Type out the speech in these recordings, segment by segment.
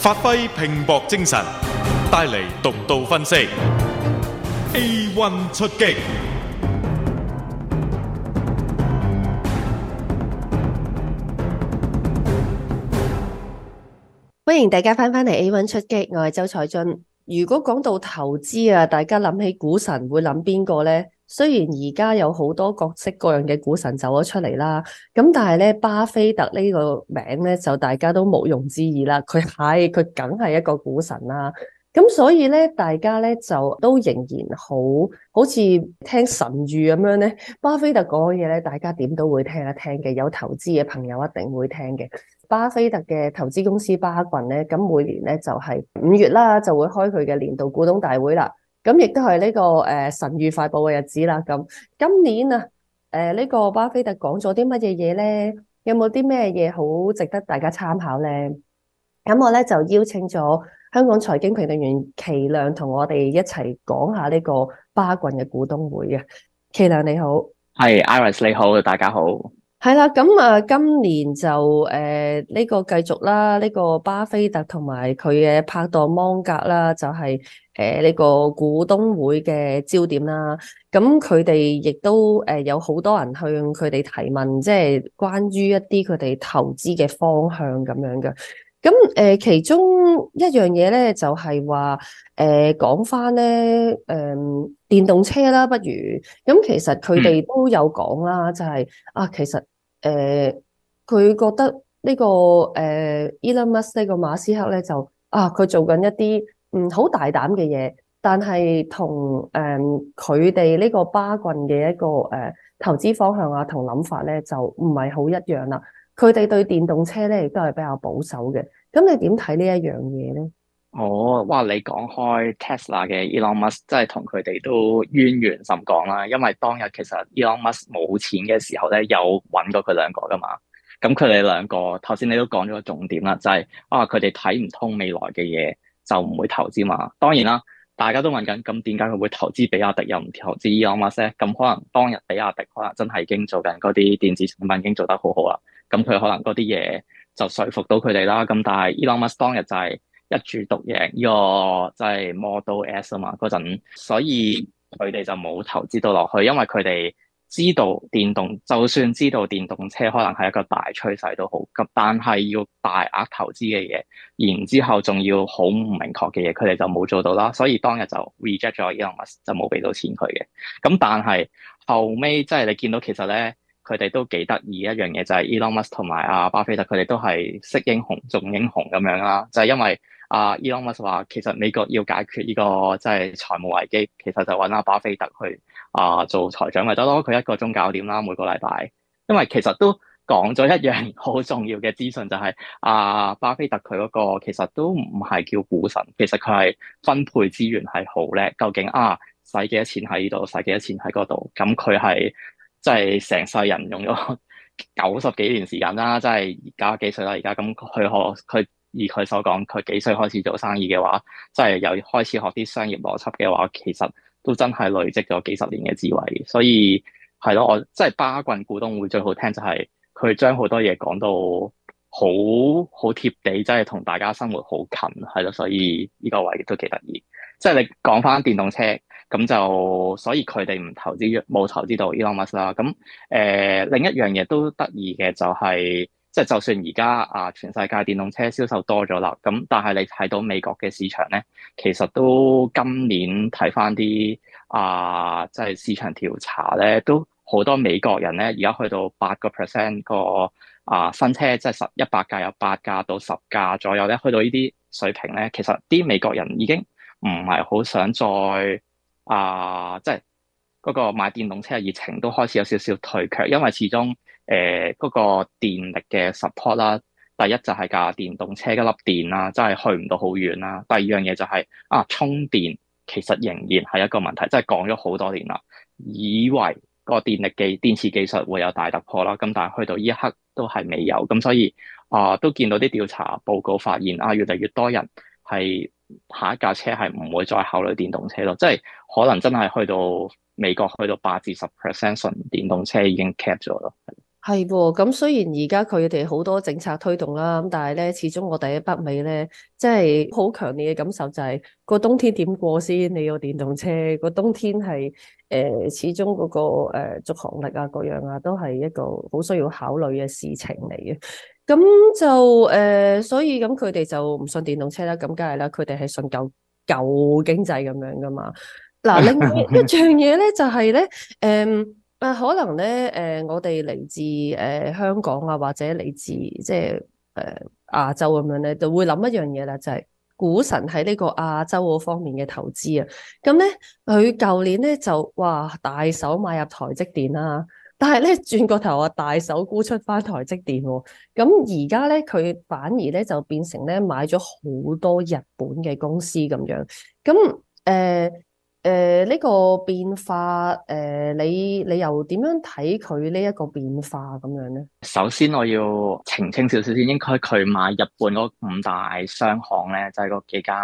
發揮拼搏精神，帶嚟獨到分析。A one 出擊，歡迎大家翻返嚟 A one 出擊。我係周彩俊。如果講到投資啊，大家諗起股神會諗邊個咧？雖然而家有好多各式各樣嘅股神走咗出嚟啦，咁但係咧巴菲特呢個名咧就大家都毋庸置疑啦，佢係佢梗係一個股神啦。咁所以咧，大家咧就都仍然好好似聽神諭咁樣咧，巴菲特講嘢咧，大家點都會聽一聽嘅，有投資嘅朋友一定會聽嘅。巴菲特嘅投資公司巴郡咧，咁每年咧就係五月啦，就會開佢嘅年度股東大會啦。咁亦都係呢個誒神諭快報嘅日子啦。咁今年啊，誒呢個巴菲特講咗啲乜嘢嘢咧？有冇啲咩嘢好值得大家參考咧？咁我咧就邀請咗香港財經評論員祁亮同我哋一齊講下呢個巴郡嘅股東會啊。祁亮你好。係 Iris 你好，大家好。係啦，咁啊、嗯，今年就誒呢、呃這個繼續啦，呢、這個巴菲特同埋佢嘅拍檔芒格啦，就係誒呢個股東會嘅焦點啦。咁佢哋亦都誒有好多人向佢哋提問，即係關於一啲佢哋投資嘅方向咁樣嘅。咁誒、呃，其中一樣嘢咧就係、是、話，誒講翻咧，誒、呃、電動車啦，不如咁，其實佢哋都有講啦，就係、是、啊，其實誒，佢、呃、覺得呢、這個誒、呃、Elon Musk 呢個馬斯克咧，就啊，佢做緊一啲嗯好大膽嘅嘢，但係同誒佢哋呢個巴郡嘅一個誒、呃、投資方向啊，同諗法咧，就唔係好一樣啦。佢哋對電動車咧，亦都係比較保守嘅。咁你點睇呢一樣嘢咧？我、哦、哇！你講開 Tesla 嘅 Elon Musk，真係同佢哋都淵源甚廣啦。因為當日其實 Elon Musk 冇錢嘅時候咧，有揾過佢兩個㗎嘛。咁佢哋兩個，頭先你都講咗個重點啦，就係、是、啊，佢哋睇唔通未來嘅嘢，就唔會投資嘛。當然啦，大家都問緊，咁點解佢會投資比亞迪又唔投資 Elon Musk 咧？咁可能當日比亞迪可能真係已經做緊嗰啲電子產品，已經做得好好啦。咁佢可能嗰啲嘢就說服到佢哋啦。咁但係 Elon Musk 當日就係一注獨贏呢個就係、是、Model S 啊嘛嗰陣，所以佢哋就冇投資到落去，因為佢哋知道電動就算知道電動車可能係一個大趨勢都好急，但係要大額投資嘅嘢，然之後仲要好唔明確嘅嘢，佢哋就冇做到啦。所以當日就 reject 咗 Elon Musk，就冇俾到錢佢嘅。咁但係後尾，即係你見到其實咧。佢哋都幾得意，一樣嘢就係 Elon Musk 同埋阿巴菲特，佢哋都係識英雄重英雄咁樣啦。就係、是、因為阿、e、Elon Musk 話，其實美國要解決呢、這個即係財務危機，其實就搵阿巴菲特去啊做財長咪得咯。佢一個鐘搞掂啦，每個禮拜。因為其實都講咗一樣好重要嘅資訊，就係阿巴菲特佢嗰個其實都唔係叫股神，其實佢係分配資源係好叻。究竟啊，使幾多錢喺呢度，使幾多錢喺嗰度？咁佢係。即係成世人用咗九十幾年時間啦，即係而家幾歲啦？而家咁佢學佢，佢以佢所講，佢幾歲開始做生意嘅話，即係又開始學啲商業邏輯嘅話，其實都真係累積咗幾十年嘅智慧。所以係咯，我即係巴郡股東會最好聽就係佢將好多嘢講到好好貼地，即係同大家生活好近係咯。所以呢個位都幾得意。即係你講翻電動車。咁就所以佢哋唔投資冇投資到 Elon Musk 啦。咁誒、呃、另一樣嘢都得意嘅就係、是，即、就、係、是、就算而家啊全世界電動車銷售多咗啦。咁、啊、但係你睇到美國嘅市場咧，其實都今年睇翻啲啊，即、就、係、是、市場調查咧，都好多美國人咧，而家去到八個 percent 個啊新車即係十一百架有八架到十架左右咧，去到呢啲水平咧，其實啲美國人已經唔係好想再。啊，即係嗰個買電動車嘅熱情都開始有少少退卻，因為始終誒嗰個電力嘅 support 啦，第一就係架電動車一粒電啦，真係去唔到好遠啦。第二樣嘢就係、是、啊，充電其實仍然係一個問題，即係講咗好多年啦，以為個電力技電池技術會有大突破啦，咁但係去到呢一刻都係未有，咁所以啊，都見到啲調查報告發現啊，越嚟越多人係。下一架車係唔會再考慮電動車咯，即係可能真係去到美國去到八至十 percent，純電動車已經 cap 咗咯。係喎，咁雖然而家佢哋好多政策推動啦，咁但係咧，始終我哋喺北美咧，即係好強烈嘅感受就係個冬天點過先？你有電動車，個冬天係誒、呃，始終嗰個誒續航力啊，各樣啊，都係一個好需要考慮嘅事情嚟嘅。咁就誒、呃，所以咁佢哋就唔信電動車啦，咁梗係啦，佢哋係信舊舊經濟咁樣噶嘛。嗱，另外一樣嘢咧就係、係、咧，誒、呃、誒可能咧誒、呃、我哋嚟自誒、呃、香港啊，或者嚟自即係誒亞洲咁樣咧，就會諗一樣嘢啦，就係、係、股神喺呢個亞洲嗰方面嘅投資啊。咁咧佢舊年咧就哇、呃、大手買入台積電啊！但係咧，轉個頭啊，大手沽出翻台積電，咁而家咧，佢反而咧就變成咧買咗好多日本嘅公司咁樣。咁誒誒，呢、呃呃這個變化誒、呃，你你又點樣睇佢呢一個變化咁樣咧？首先，我要澄清少少先，應該佢買日本嗰五大商行咧，就係、是、嗰幾間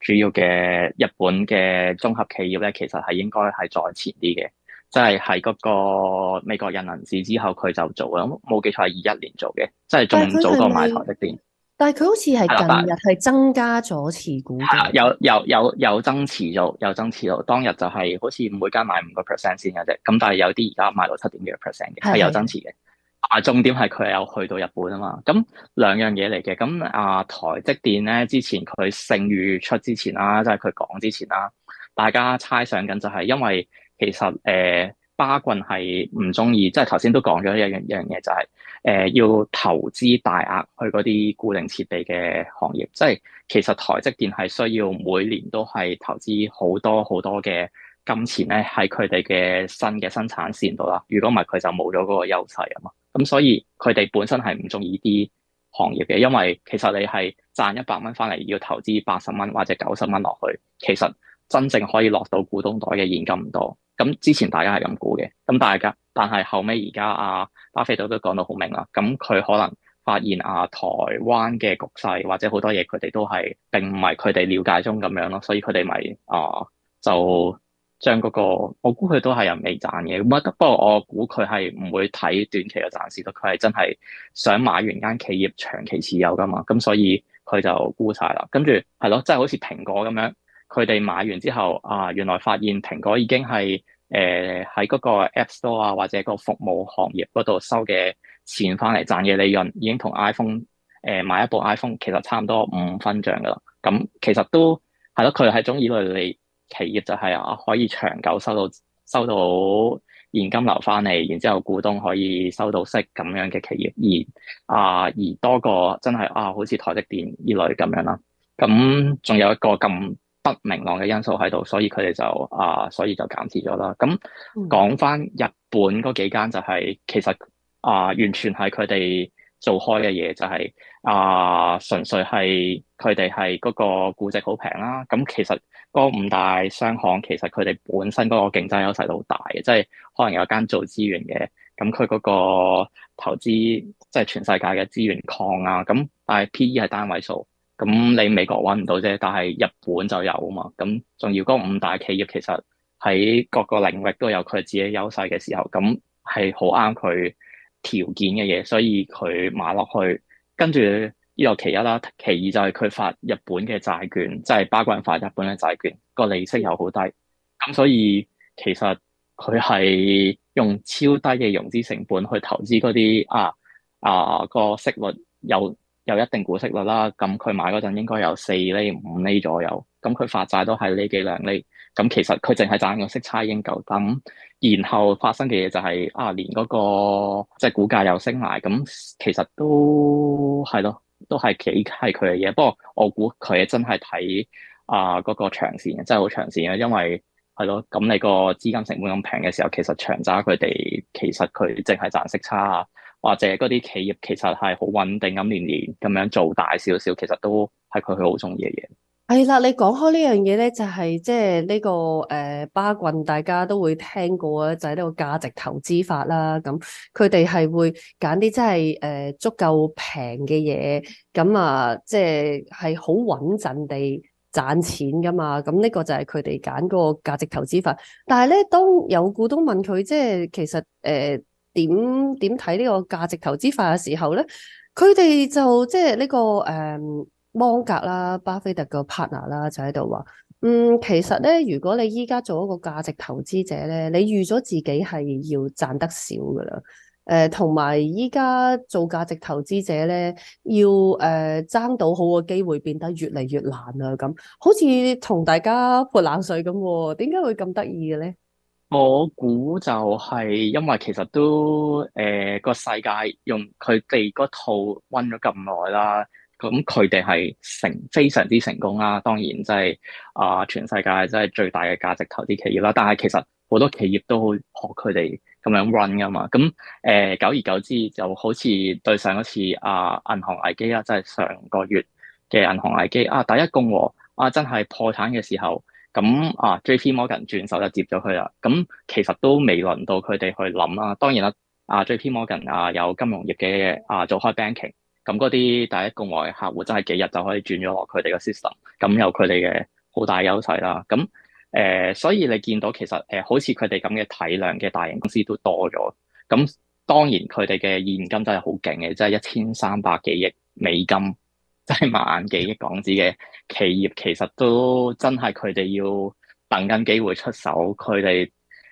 主要嘅日本嘅綜合企業咧，其實係應該係再前啲嘅。即係喺嗰個美國人臨市之後，佢就做啊，冇記錯係二一年做嘅，即係仲早過買台積電。但係佢好似係近日係增加咗持股。係有有有有增持咗，有增持咗。當日就係好似每間買五個 percent 先嘅啫。咁但係有啲而家買到七點幾 percent 嘅係有增持嘅。同重點係佢係有去到日本啊嘛。咁兩樣嘢嚟嘅。咁啊台積電咧，之前佢勝預出之前啦，即係佢講之前啦，大家猜想緊就係因為。其實誒、呃，巴郡係唔中意，即係頭先都講咗一樣一樣嘢、就係，就係誒要投資大額去嗰啲固定設備嘅行業。即係其實台積電係需要每年都係投資好多好多嘅金錢咧，喺佢哋嘅新嘅生產線度啦。如果唔係，佢就冇咗嗰個優勢啊嘛。咁所以佢哋本身係唔中意啲行業嘅，因為其實你係賺一百蚊翻嚟，要投資八十蚊或者九十蚊落去，其實真正可以落到股東袋嘅現金唔多。咁之前大家係咁估嘅，咁但係嘅，但係後尾而家阿巴菲特都講到好明啦，咁佢可能發現啊台灣嘅局勢或者好多嘢佢哋都係並唔係佢哋了解中咁樣咯，所以佢哋咪啊就將嗰、呃那個我估佢都係人未賺嘅，咁不過我估佢係唔會睇短期嘅賺市咯，佢係真係想買完間企業長期持有噶嘛，咁所以佢就沽晒啦，跟住係咯，即係好似蘋果咁樣。佢哋買完之後，啊，原來發現蘋果已經係誒喺嗰個 App Store 啊，或者個服務行業嗰度收嘅錢翻嚟賺嘅利潤，已經同 iPhone 誒、呃、買一部 iPhone 其實差唔多五分賬噶啦。咁、嗯、其實都係咯，佢係一種以類你企業就係啊，可以長久收到收到現金流翻嚟，然之後股東可以收到息咁樣嘅企業，而啊而多過真係啊，好似台積電依類咁樣啦。咁仲、嗯、有一個咁，不明朗嘅因素喺度，所以佢哋就啊、呃，所以就減持咗啦。咁講翻日本嗰幾間就係、是、其實啊、呃，完全係佢哋做開嘅嘢，就、呃、係啊，純粹係佢哋係嗰個估值好平啦。咁其實嗰五大商行其實佢哋本身嗰個競爭優勢都好大嘅，即、就、係、是、可能有間做資源嘅，咁佢嗰個投資即係全世界嘅資源礦啊，咁但係 P/E 係單位數。咁你美國揾唔到啫，但係日本就有啊嘛。咁仲要嗰五大企業其實喺各個領域都有佢自己優勢嘅時候，咁係好啱佢條件嘅嘢，所以佢買落去。跟住呢個其一啦，其二就係佢發日本嘅債券，即係巴郡發日本嘅債券，個利息又好低。咁所以其實佢係用超低嘅融資成本去投資嗰啲啊啊、個息率有。有一定股息率啦，咁佢買嗰陣應該有四厘五厘左右，咁佢發債都係呢幾兩厘，咁其實佢淨係賺個息差已經夠。咁然後發生嘅嘢就係、是、啊，連嗰、那個即係股價又升埋，咁其實都係咯，都係幾契佢嘅嘢。不過我估佢真係睇啊嗰個長線，真係好長線啊，因為係咯，咁你個資金成本咁平嘅時候，其實長揸佢哋，其實佢淨係賺息差。或者嗰啲企業其實係好穩定咁年年咁樣做大少少，其實都係佢好中意嘅嘢。係啦，你講開呢樣嘢咧，就係即係呢個誒、呃、巴郡，大家都會聽過啊，就係、是、呢個價值投資法啦。咁佢哋係會揀啲真係誒足夠平嘅嘢，咁啊，即係係好穩陣地賺錢噶嘛。咁呢個就係佢哋揀嗰個價值投資法。但係咧，當有股東問佢，即係其實誒、呃點點睇呢個價值投資法嘅時候咧，佢哋就即係呢、這個誒、嗯、芒格啦、巴菲特個 partner 啦就喺度話，嗯，其實咧，如果你依家做一個價值投資者咧，你預咗自己係要賺得少噶啦，誒、呃，同埋依家做價值投資者咧，要誒、呃、爭到好嘅機會變得越嚟越難啦，咁好似同大家潑冷水咁、啊，點解會咁得意嘅咧？我估就係因為其實都誒個、呃、世界用佢哋個套 run 咗咁耐啦，咁佢哋係成非常之成功啦。當然即係啊，全世界即係最大嘅價值投資企業啦。但係其實好多企業都會學佢哋咁樣 run 噶嘛。咁、嗯、誒、呃、久而久之就好似對上一次啊銀行危機啦，即、就、係、是、上個月嘅銀行危機啊，第一共和啊真係破產嘅時候。咁啊，J.P.Morgan 轉手就接咗佢啦。咁其實都未輪到佢哋去諗啦。當然啦，啊 J.P.Morgan 啊，有金融業嘅啊做開 banking，咁嗰啲第一共和客戶真係幾日就可以轉咗落佢哋嘅 system，咁有佢哋嘅好大優勢啦。咁誒、呃，所以你見到其實誒、呃，好似佢哋咁嘅體量嘅大型公司都多咗。咁當然佢哋嘅現金真係好勁嘅，即係一千三百幾億美金。即係萬幾億港紙嘅企業，其實都真係佢哋要等緊機會出手。佢哋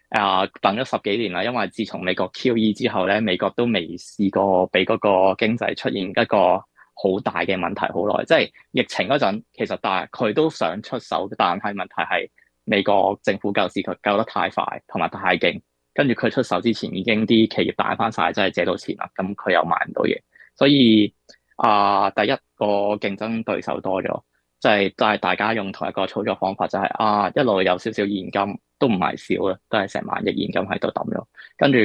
啊，等咗十幾年啦。因為自從美國 QE 之後咧，美國都未試過俾嗰個經濟出現一個好大嘅問題，好耐。即係疫情嗰陣，其實但係佢都想出手，但係問題係美國政府救市佢救得太快同埋太勁。跟住佢出手之前，已經啲企業貸翻晒，真係借到錢啦。咁佢又買唔到嘢，所以。啊！Uh, 第一個競爭對手多咗，就係都係大家用同一個操作方法，就係、是、啊一路有少少現金，都唔係少啦，都係成萬億現金喺度揼咗，跟住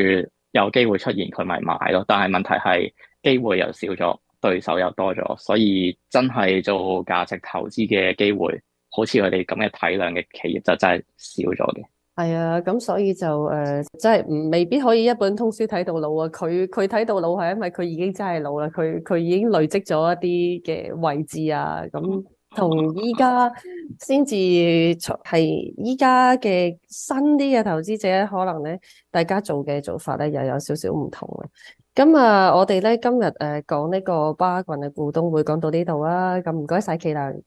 有機會出現佢咪買咯。但係問題係機會又少咗，對手又多咗，所以真係做價值投資嘅機會，好似佢哋咁嘅體量嘅企業就真係少咗嘅。係啊，咁所以就誒、呃，即係唔未必可以一本通書睇到老啊。佢佢睇到老係因為佢已經真係老啦，佢佢已經累積咗一啲嘅位置啊。咁同依家先至係依家嘅新啲嘅投資者，可能咧大家做嘅做法咧又有少少唔同啦。咁啊，我哋咧今日誒講呢個巴郡嘅股東會講到呢度啊。咁唔該晒，祈勵。